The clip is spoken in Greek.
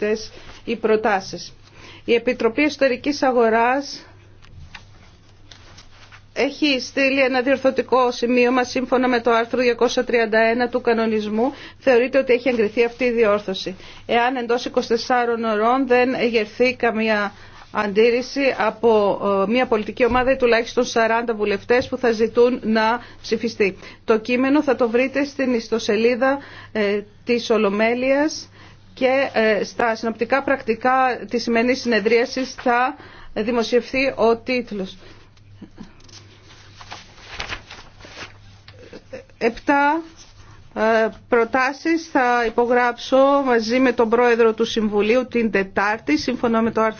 αυτές προτάσεις. Η Επιτροπή Ιστορικής Αγοράς έχει στείλει ένα διορθωτικό σημείο μας σύμφωνα με το άρθρο 231 του κανονισμού. Θεωρείται ότι έχει εγκριθεί αυτή η διόρθωση. Εάν εντός 24 ωρών δεν εγερθεί καμία αντίρρηση από ε, μια πολιτική ομάδα ή τουλάχιστον 40 βουλευτές που θα ζητούν να ψηφιστεί. Το κείμενο θα το βρείτε στην ιστοσελίδα ε, της Ολομέλειας και ε, στα συνοπτικά πρακτικά της σημερινής συνεδρίασης θα δημοσιευθεί ο τίτλος. επτά ε, προτάσεις θα υπογράψω μαζί με τον πρόεδρο του Συμβουλίου την Τετάρτη, σύμφωνα με το άρθρο